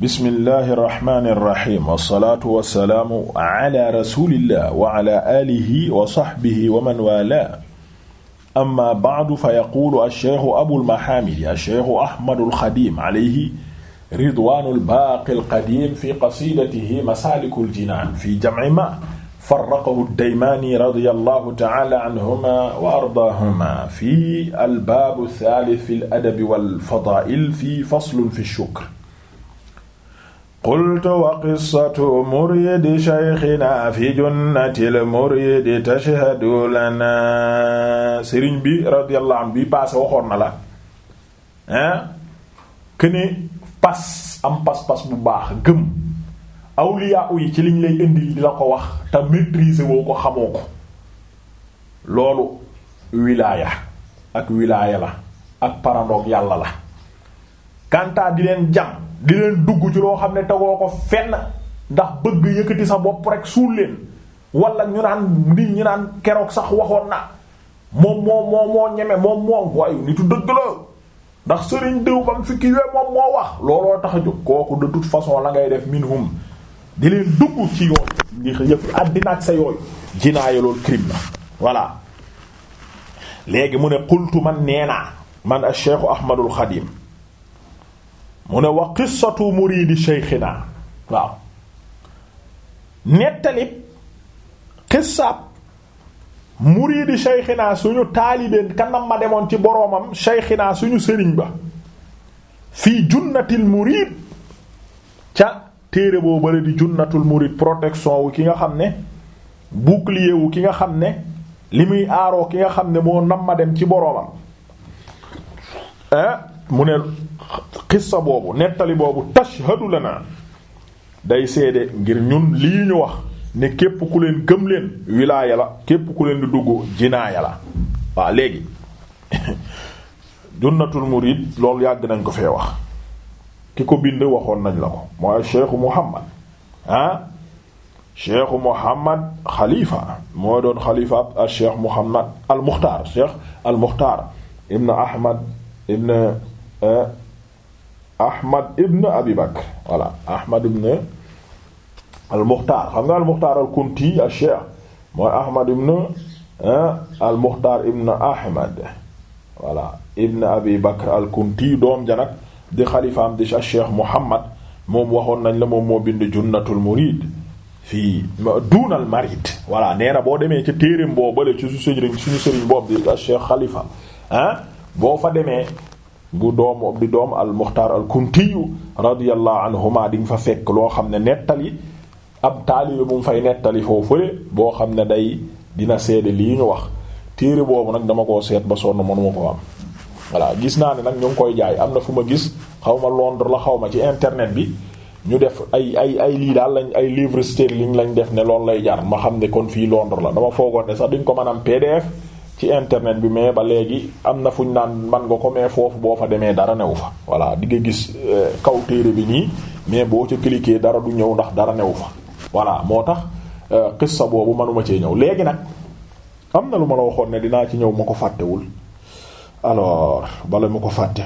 bismillahi irrahmani irrahim wassalaatu wassalaamu ala rasulillah wa ala alihi wa sahbihi wa man wala amma baadu fa yaquulu alcheikhu abulmahamidi alcheikhu ahmadu alxadim alayhi ridwanu albaaqi alqadim fi qasidatihi masaaliku aljinaan fi jamci ma faraqahu addaymaani radi allahu taala anhuma wa ardaahuma fi albaabu althaalith fi aladabi walfadaa'il fi faslun fi shukr qultu wa qissatu muryidi shaykhina fi junnatil muryidi tashhadu lana sëriñ bi radiyallahu bi paase waxoon na la ah këne pas am pas-pas bu baax gëm awliya yi ci liñ lay indil la ko wax te maîtriser woo ko xamoo ko loolu wilaaya ak wilaaya la ak parandoog yàlla la kantaa di leen jam di leen dugg ci loo xam ne tegoo ko fenn ndax bëgg yëkkati sa bopp rek suul leen wala ñu naan nit ñi naan keroog sax waxoon na moom moo moo moo ñeme moom moo waaye nitu dëgg la ndax sëriñ diw bam fi kiiwee moom moo wax looloo tax a jóg kooku de toute façon la ngay def minhum di leen dugg ci yooyu di yëf àddina ak sa yooyu jinaaya loolu crime la voilà léegi mu ne qultu man nee naa man a cheikhu ahmadul xadim mu ne wa qissatu muridi sheykhina waaw nettalib qissab muridi sheykhina suñu taalibeen kanam ma demoon ci boroomam sheykhina suñu sëriñ ba fii junnatil murid ca téere boo bëri di junnatul murid protection wu ki nga xam ne bouclier ki nga xam ne li muy aaroo ki nga xam ne moo nam ma dem ci boroomam eh? mu ne xissa boobu nettali boobu tashhadu lana day seede ngir ñun li ñu wax ne képp ku leen gëm leen wilaaya la képp ku leen di dugg jinaaya la waaw léegi junnatul murid loolu yàgg nañ ko fee wax ki ko bind waxoon nañ la ko mooy cheikhu muhammad ah cheikhu muhammad xalifa moo doon xalifa ab ah, cheikh muhammad al muxtaar cheikh al muxtaar ibn ahmad ibn eh, Ahmad ibn Abi Bakr voilà Ahmad ibn al Mukhtar xam nga al Mukhtar al Kunti al Cheikh mooy Ahmad ibn al Mukhtar ibn Ahmad voilà ibn Abi Bakr al Kunti doom ja nag di xalifaam di Cheikh Muhammad moom waxoon nañ la moom moo bind Junnatul Murid fii duunal marid voilà nee boo demee ca téereem boo ci suñu sëriñ suñu sëriñ boobu di Cheikh Khalifa ah boo fa demee bu doomu di doom al muxtaar al kuntiyu radiyallahu anhuma di nga fa fekk loo xam ne yi ab taalibe bu mu fay nettali foofule boo xam ne day dina seede lii ñu wax téere boobu nag dama koo seet ba sonn mënuma ko am voilà gis naa ne nag ñu ngi koy jaay am na fu ma gis xaw ma Londres la xaw ma ci internet bi ñu def ay ay ay lii daal lañ ay livre sterling lañu def ne loolu lay jar ma xam ne kon fii Londres la dama foogoon de sax duñ ko mën am PDF ci internet bi mais ba léegi am na fu ñu naan man nga ko mais foofu boo fa demee dara newu fa voilà di nga gis euh, kaw téere bi nii mais boo ci cliquer dara du ñëw ndax dara new fa voilà moo tax euh, xissa boobu manuma cee ñëw léegi nag am na lu ma la waxoon ne dinaa ci ñëw ma ko fàttewul alors bala ma ko fàtte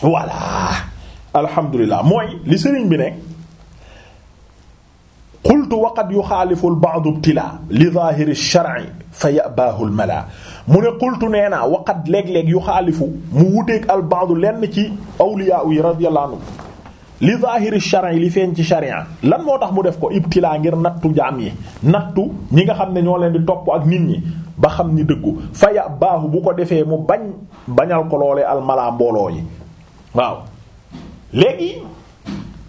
voilà alhamdulilah mooy li sëriñ bi ne qultu waqad yuxaalifu al ba'd ibtila li zahiri shar'i fa baaxul mala mu ne qultu nee naa waqat léeg-léeg yu xaalifu mu wuteeg albaadu lenn ci awliyaa yi radiyallahu anhu li zahiri charin li feeñ ci charia lan moo tax mu def ko ibtilaa ngir nattu jaam yi nattu ñi nga xam ne ñoo leen di topp ak nit ñi ba xam ni dëggu fa yabbaahu bu ko defee mu bañ bañal ko loolee almalaa mbooloo yi waaw léegi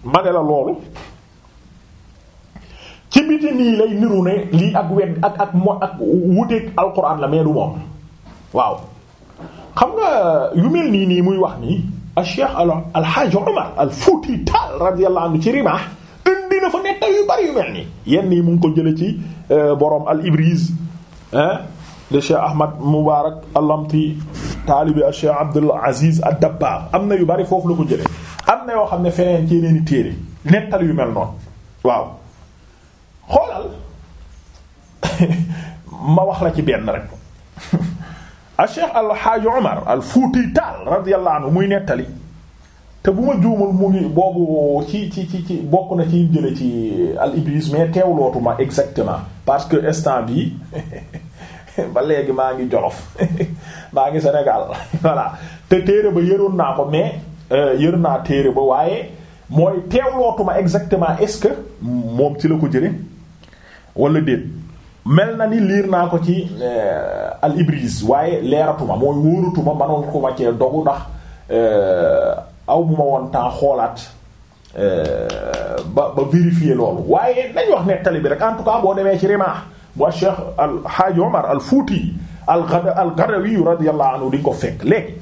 ma ne la loolu ci biti nii lay niru lii ak wet ak ak mo ak wuteeg alquran la mais moom waaw xam nga yu mel nii nii muy wax nii al cheikh alxaaji omar al fuuti taal radiyallahu anhu ci rimah indi na fa nettal yu bari yu mel nii yenn yi mu ngi ko jële ci euh, borom al ibriz de cheikh ahmad mubarak alamti taalibi al cheikh abdul aziz ad dabbaab am na yu bari foofu la ko jële am na yoo xam ne feneen ci yeneen i téere nettal yu mel noonu waaw ma wax la ci benn rek a cheikh alxaaji omar al fuuti taal radiyallahu anhu muy nettali te bu ma juumul mu ngi boobu ci ci ci ci bokk na ci jële ci al iblis mais teewlootuma exactement parce que instant bi ba léegi maa ngi jolof maa ngi Sénégal voilà te téere ba yëroon naa ko mais euh, yër naa téere ba waaye mooy teewlootuma exactement est-ce que moom ci la ko jële wala déet mel na ni liir naa ko ci euh, al ibris waaye leeratuma mooy wóoratuma manoon ko ma cee dogu ndax euh, aw bu ma woon temps xoolaat euh, ba ba vérifier loolu waaye nañ wax nettali bi rek en tout cas boo demee ci Rimah bu Cheikh al Hadj Omar al Fouti al Ghada al Ghadawi radiyallahu anhu ko fekk léegi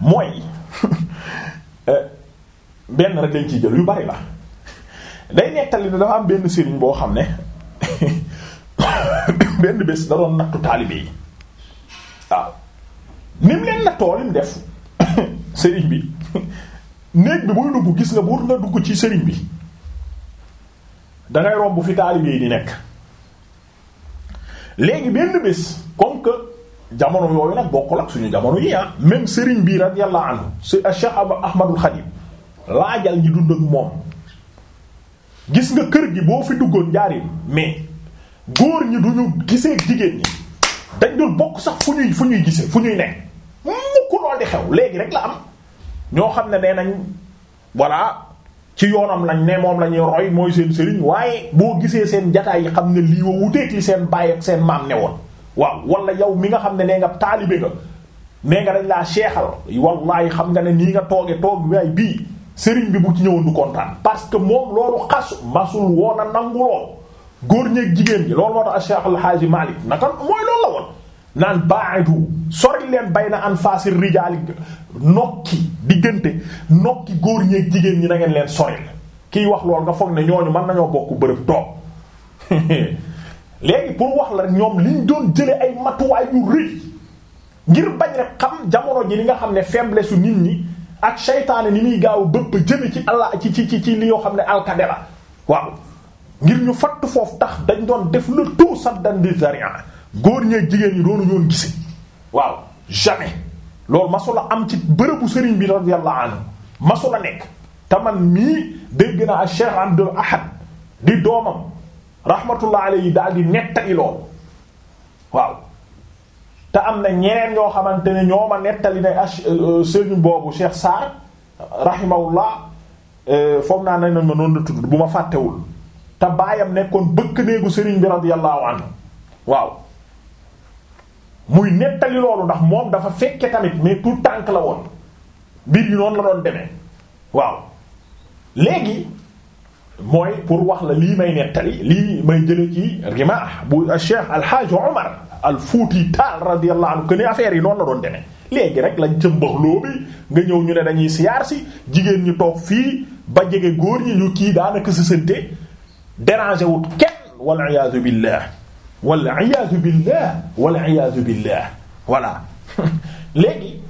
mooy benn rek lañ ciy jël yu bari la day nettali dafa am benn sëriñ boo xam ne. benn bés da doon nattu taalibe yi waaw ni leen nattoo lim def sëriñ bi néeg bi booy dugg gis nga boo nga dugg ci sëriñ bi dangay romb fi taalibe di nekk léegi benn bés comme que jamono yooyu nag bokkul ak suñu jamono yi ah même sëriñ bi radiyallahu anhu si Cheikh Ahmadul Khadim laajal ñi dund ak moom gis nga kër gi boo fi duggoon jaarim mais góor ñi du ñu gisee jigéen ñi dañ dul bokk sax fu ñuy fu ñuy gisee fu ñuy ne mukk lool xew léegi rek la am ñoo xam ne ne nañ voilà ci yoonam lañ ne moom la ñuy roy mooy seen sëriñ waaye boo gisee seen jataay yi xam ne lii wa wuteeg seen baay seen maam woon waaw wala yow mi nga xam ne nee nga taalibe nga nee nga dañ laa seexal wallaay xam nga ne nii nga tooge toog waay bii sëriñ bi bu ci ñëwoon du kontaan parce que moom loolu xasu masul woon a nangu lool góor ñéeg jigéen ñi loolu moo tax Cheikh Al Hadji Malick naka mooy loolu la woon naan ba'idu sori leen bayna anfasir rijaal nokki diggante nokki góor ñeeg jigéen ñi na ngeen leen sori kiy wax loolu nga foog ne ñooñu mën nañoo bokk bërëb toog léegi wax la ñoom liñ doon jële ay matuwaay yu rëy ngir bañ li nga xam ne faiblesse su nit ñi ak seytaane ni muy gaaw bëpp jëme ci Allah ci ci ci li yoo xam ne alkade waaw ngir ñu fatt foofu tax dañ doon def le tout saddan di góor ñeeg jigéen ñi doonu ñoon gise waaw jamais loolu masula am ci bërëbu sëriñ bi radiyallahu anhu masula nekk te man mii dégg naa Cheikh Abdul Ahad di doomam rahmatullah yi daal di nettali loolu waaw te am na ñeneen ñoo xamante ne ñoo ma nettali ne ah, euh, euh, sëriñ boobu Cheikh Sarr rahimahullah euh, foog naa nañ ma noonu la tudd bu ma fàttewul te baayam nekkoon bëkk néegu sëriñ bi radiyallahu anhu waaw muy nettali loolu ndax moom dafa fekke tamit mais tout tànk la woon mbir yi noonu la doon deme waaw léegi mooy pour wax la lii may nettali lii may jële ci Rimaah bu Cheikh Alhaji Omar al Fuuti Taal radiyallahu anhu que ne affaire yi noonu la doon demee léegi rek lañ cëmbaxloo bi nga ñëw ñu ne dañuy siyaar si jigéen ñu toog fii ba jege góor ñi ñu kii daanaka si sësante déranger wut kenn wal iyaazu billah walla iyaazu billah wal iyaazu billah voilà léegi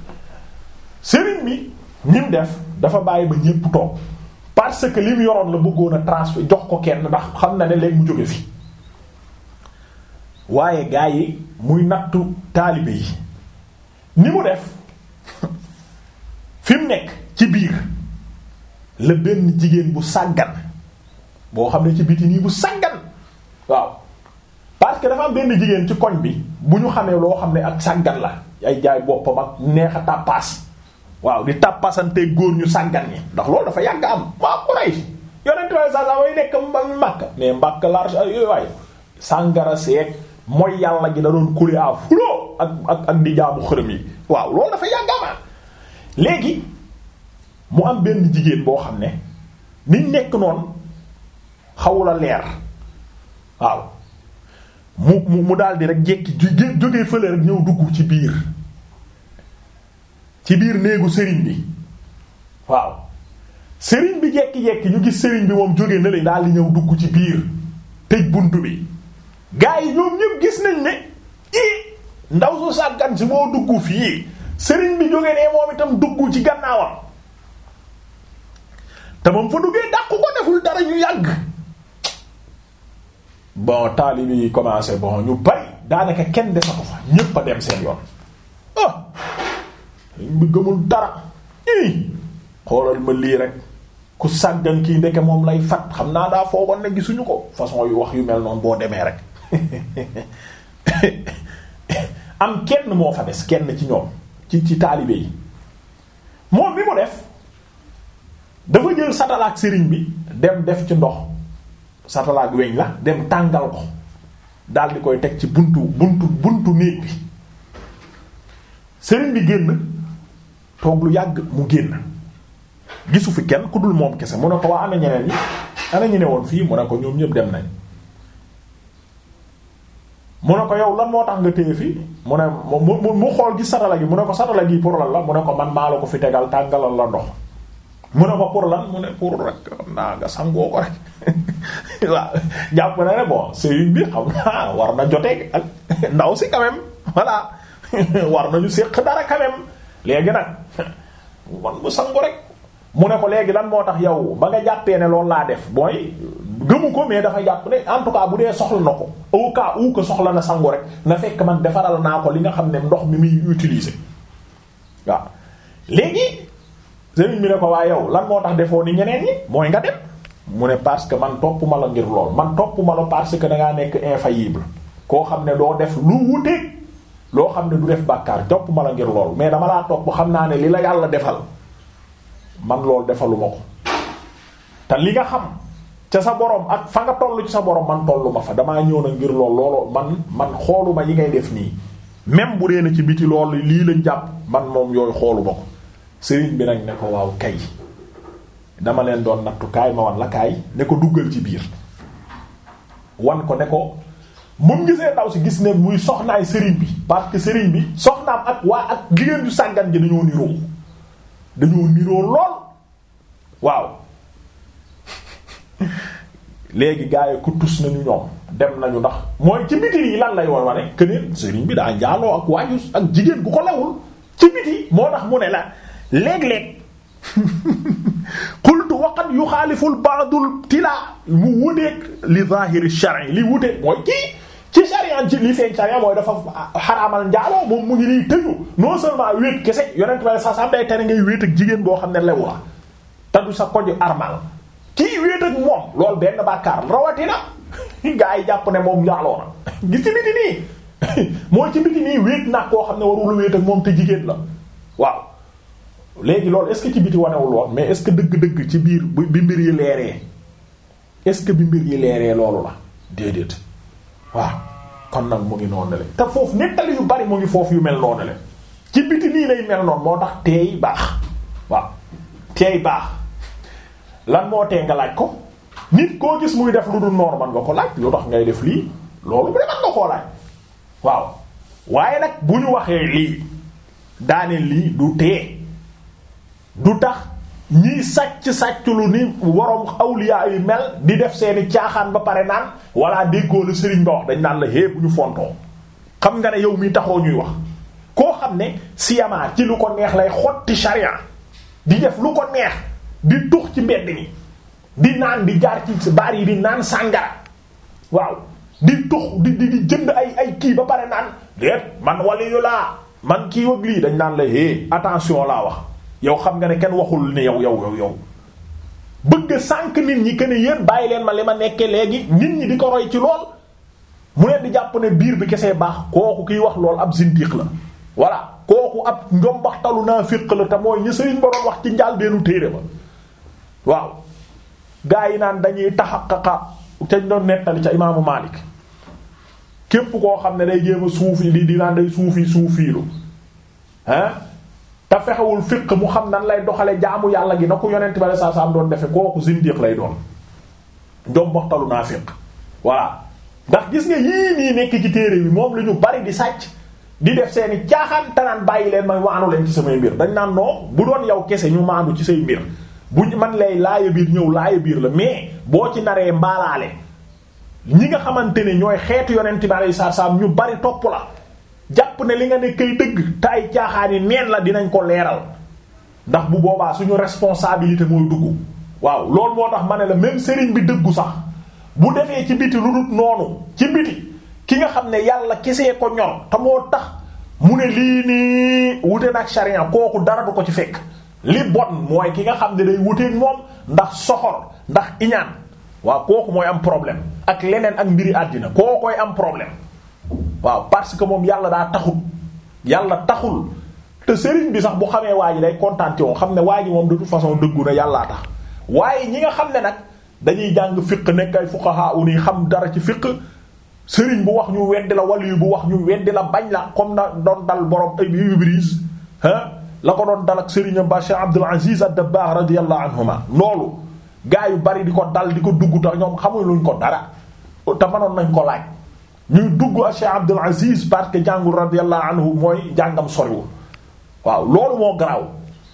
sëriñ bi ñim def dafa bàyyi ba ñépp toog parce que li mu yoroon la bëggoon a transfert jox ko kenn ndax xam na ne léegi mu jóge fi waaye gaa yi muy nattu taalibe yi ni mu def fi mu nekk ci biir la benn jigéen bu sàggan boo xam ne ci biti nii bu sàggan waaw parce que dafa am benn jigéen ci koñ bi bu ñu xamee loo xam ne ak sàggan la ay jaay boppam ak neex a tàppaas waaw di tàppaasante góor ñu sàggan ñi ndax loolu dafa yàgg am waaw Quraysh yonent way sa way nekk Makka mais Makka large waaye sàngara seeg mooy yàlla gi da doon kule à fuloo ak ak ak xërëm yi waaw loolu dafa yàgg am léegi mu am benn jigéen boo xam ne niñ nekk noonu xawula leer waaw mu mu mu daldi rek jekki jóge fële rek ñëw dugg ci biir ci biir néegu sëriñ bi waaw sëriñ bi jekki-jekki ñu gis sëriñ bi moom jóge na le daldi ñëw dugg ci biir tëj bunt bi gaa yi ñoom ñëpp gis nañ ne i ndaw su sàggan si moo dugg fii sëriñ bi jóge ne moom itam dugg ci gannaawam te moom fa duggee dàq ko deful dara ñu yàgg bon taalibe yi commencé bon ñu bari daanaka kenn desatu fa ñépp a dem seen yoon ah oh! liñ bi gëmul dara i xoolal ma lii rek ku sàggan kii ndeke moom lay fat xam naa daa foogoon ne gisuñu ko façon yu wax yu mel noonu boo demee rek am kenn moo fa des kenn ci ñoom ci ci taalibe yi moom bi mu def dafa jël satalaak sëriñ bi dem def ci ndox satalaak weñ la dem tàngal ko daal koy teg ci buntu buntu buntu néeg bi sëriñ bi génn toog lu yàgg mu génn gisu fi kenn ku dul moom kese mu ne ko waa ana ñeneen ñi ana ñu woon fii mu ne ko ñoom ñëpp dem nañ mu ne ko yow lan moo tax nga téye fii mu ne mu mu xool gis satala gi mu ne ko satala gi pour lan la mu ne ko man maa la ko fi tegal tàngalal la ndox mu ne ma pour lan mu ne pour rek xam naa nga sangoo ko rek waaw jàpp na ne bon sëriñ bi xam naa war na jotee ak ndaw si quand même voilà war nañu séq dara quand même léegi nag man mu sangu rek mu ne ko léegi lan moo tax yow ba nga jàppee ne loolu laa def mooy gëmu ko mais dafa jàpp ne en tout cas bu dee soxla na ko au cas où que soxla na sangu rek na fekk man defaral naa ko li nga xam ne ndox mi muy utilise waaw léegi sëriñ bi ne ko waaye yow lan moo tax defoo ni ñeneen ñi mooy nga dem mu ne parce que man topp ma la ngir lool man topp ma la parce que da ngaa nekk infaillible koo xam ne doo def lu loo xam ne du def bàkkaar topp la ngir lool mais dama laa topp xam naa ne li la yàlla defal man loolu defaluma ko te li nga xam ca sa borom ak fa nga toll ci sa borom man tollu ma fa damaa ñëw na ngir lool looloo man man xooluma yi ngay def nii même bu dee na ci biti loolu lii lañ jàpp man moom yooyu xooluma ko sëriñ bi nag ne ko waaw kay dama leen doon nattu kaay ma wan la kaay ne ko duggal ci biir wan ko ne ko bu mu gisee ndaw si gis ne muy soxnaay sëriñ bi parce sëriñ bi soxnaam ak waa ak jigéen ju sàggan ji dañoo niroo dañoo niroo lool waaw léegi gars yi ku tus nañu ñoom dem nañu ndax mooy ci biti yi lan lay woon wane que sëriñ bi daa njaaloo ak waajus ak jigéen bu ko lewul ci biti moo tax mu ne la léeg-léeg xultu waqat yu xaaliful baadul tilaa mu wuteeg li zahiri shar'i li wuteeg mooy kii ci sariya ci li seen sariya mooy dafa xaraamal njaaloo moom mu ngi nii tëju non seulement wéet kese yonent ba sa sam day tere ngay wéet ak jigéen boo xam ne lewu la te du sa koju armal kii wéet ak moom loolu benn bàkkaar rawatina gaa yi jàpp ne moom njaaloo gis ci biti nii mooy ci biti nii wéet nag koo xam ne warul wéet ak moom te jigéen la waaw léegi loolu est-ce que ci biti wanewul mais est-ce que dëgg-dëgg ci biir bi mbir yi leeree est-ce que bi mbir yi leeree loolu la déedéet waaw kon nag mu ngi noonu le te foofu nettali yu bari mu ngi foofu yu mel noonu le ci biti nii lay mel noonu moo tax teey baax waaw teey baax lan moo tee nga laaj ko nit koo gis muy def lu dul noonu man nga ko laaj lu tax ngay def lii loolu bu de man nga koo laaj waaw waaye nag bu ñu waxee lii daane lii du tee du tax ñiy sàcc sàcclu ni waroom awliya yu mel di def seeni caaxaan ba pare naan walla déggoo la sëriñ ba wax dañ naan la hee bu ñu fontoo xam nga ne yow mi taxoo ñuy wax koo xam ne siyamaa ci lu ko neex lay xotti sharia di def lu ko neex di tux ci mbedd mi di naan di jaar ci baar yi di naan sàngara waaw di tux di di di jënd ay ay kii ba pare naan déet man waliyu laa man kii wag lii dañ naan la hé attention laa wax yow xam nga ne kenn waxul ne yow yow yow yow bëgg sànq nit ñi que ne yéen bàyyi leen ma li ma nekke léegi nit ñi di ko roy ci lool mu ne di jàpp ne biir bi kese baax kooku kiy wax lool ab zindiq la kooku ab njombaxtalu naafiq la te mooy ñi sëriñ boroom wax ci njaal deenu téere waaw gaa yi naan dañuy taxaqaqa cañ doon nettali ca imaamu Maalik képp koo xam ne day jéem a suufi li di naan day suufi suufiilu hein te fexewul fiq mu xam nan lay doxale jaamu yàlla gi na ko yonent bi saa saa doon defe kooku zindiq lay doon jom naa naafiq voilà ndax gis nga yii nii nekk ci téere bi moom lu ñu bari di sàcc di def seeni caaxaan tanaan bàyyi leen may waanu leen ci samay mbir dañ naan non bu doon yow kese ñu maandu ci say mbir buñ man lay laaya biir ñëw laaya biir la mais boo ci naree mbaalaale ñi nga xamante ne ñooy xeetu yonent bi saa saa ñu bari topp la ne li nga ne kay dëgg te ay caaxaani neen la dinañ ko leeral ndax bu boobaa suñu responsabilité mooy dugg waaw loolu moo tax ma ne la même sëriñ bi dëggu sax mu defee ci biti lu dul noonu ci biti ki nga xam ne yàlla kese ko ñor te moo tax mu ne lii nii wute nag sharia kooku dara du ko ci fekk li bon mooy ki nga xam ne day wuteeg moom ndax soxor ndax iñaan waaw kooku mooy am problème ak leneen ak mbiri àddina koo koy am problème waaw parce que moom yàlla daa taxul yàlla taxul te sëriñ bi sax bu xamee waa ji day kontaan ci xam ne waa ji moom de toute façon dëggu na yàllaa tax waaye ñi nga xam ne nag dañuy jàng fiq nekk ay fuqaha uni xam dara ci fiq sëriñ bu wax ñu weddi la waliyu bu wax ñu weddi la bañ la comme na doon dal borom ay Ibris ah la ko doon dal ak sëriñam ba Cheikh Abdul Aziz ad-Dabbagh radiyallahu anhuma loolu gaa yu bari di ko dal di ko dugg tax ñoom xamuñ luñ ko dara te mënoon nañ ko laaj. ñuy dugg a Cheikh Abdul Aziz parce que jàngul radiyallahu anhu mooy jàngam soriwul waaw loolu moo garaaw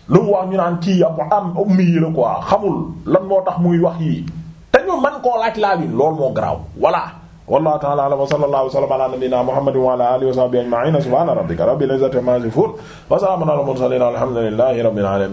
lu mu wax ñu naan kii ab am ummi yi la quoi xamul lan moo tax muy wax yii te ñu man koo laaj laa bi loolu moo garaaw voilà wallahu ta'ala a'lam wa sallallahu wa sallama ala nabiyyina muhammadin wa ala alihi wa sahbihi ajma'in subhana rabbika rabbil izzati amma yasifun wa salamun ala al mursalin alhamdulillahi rabbil alamin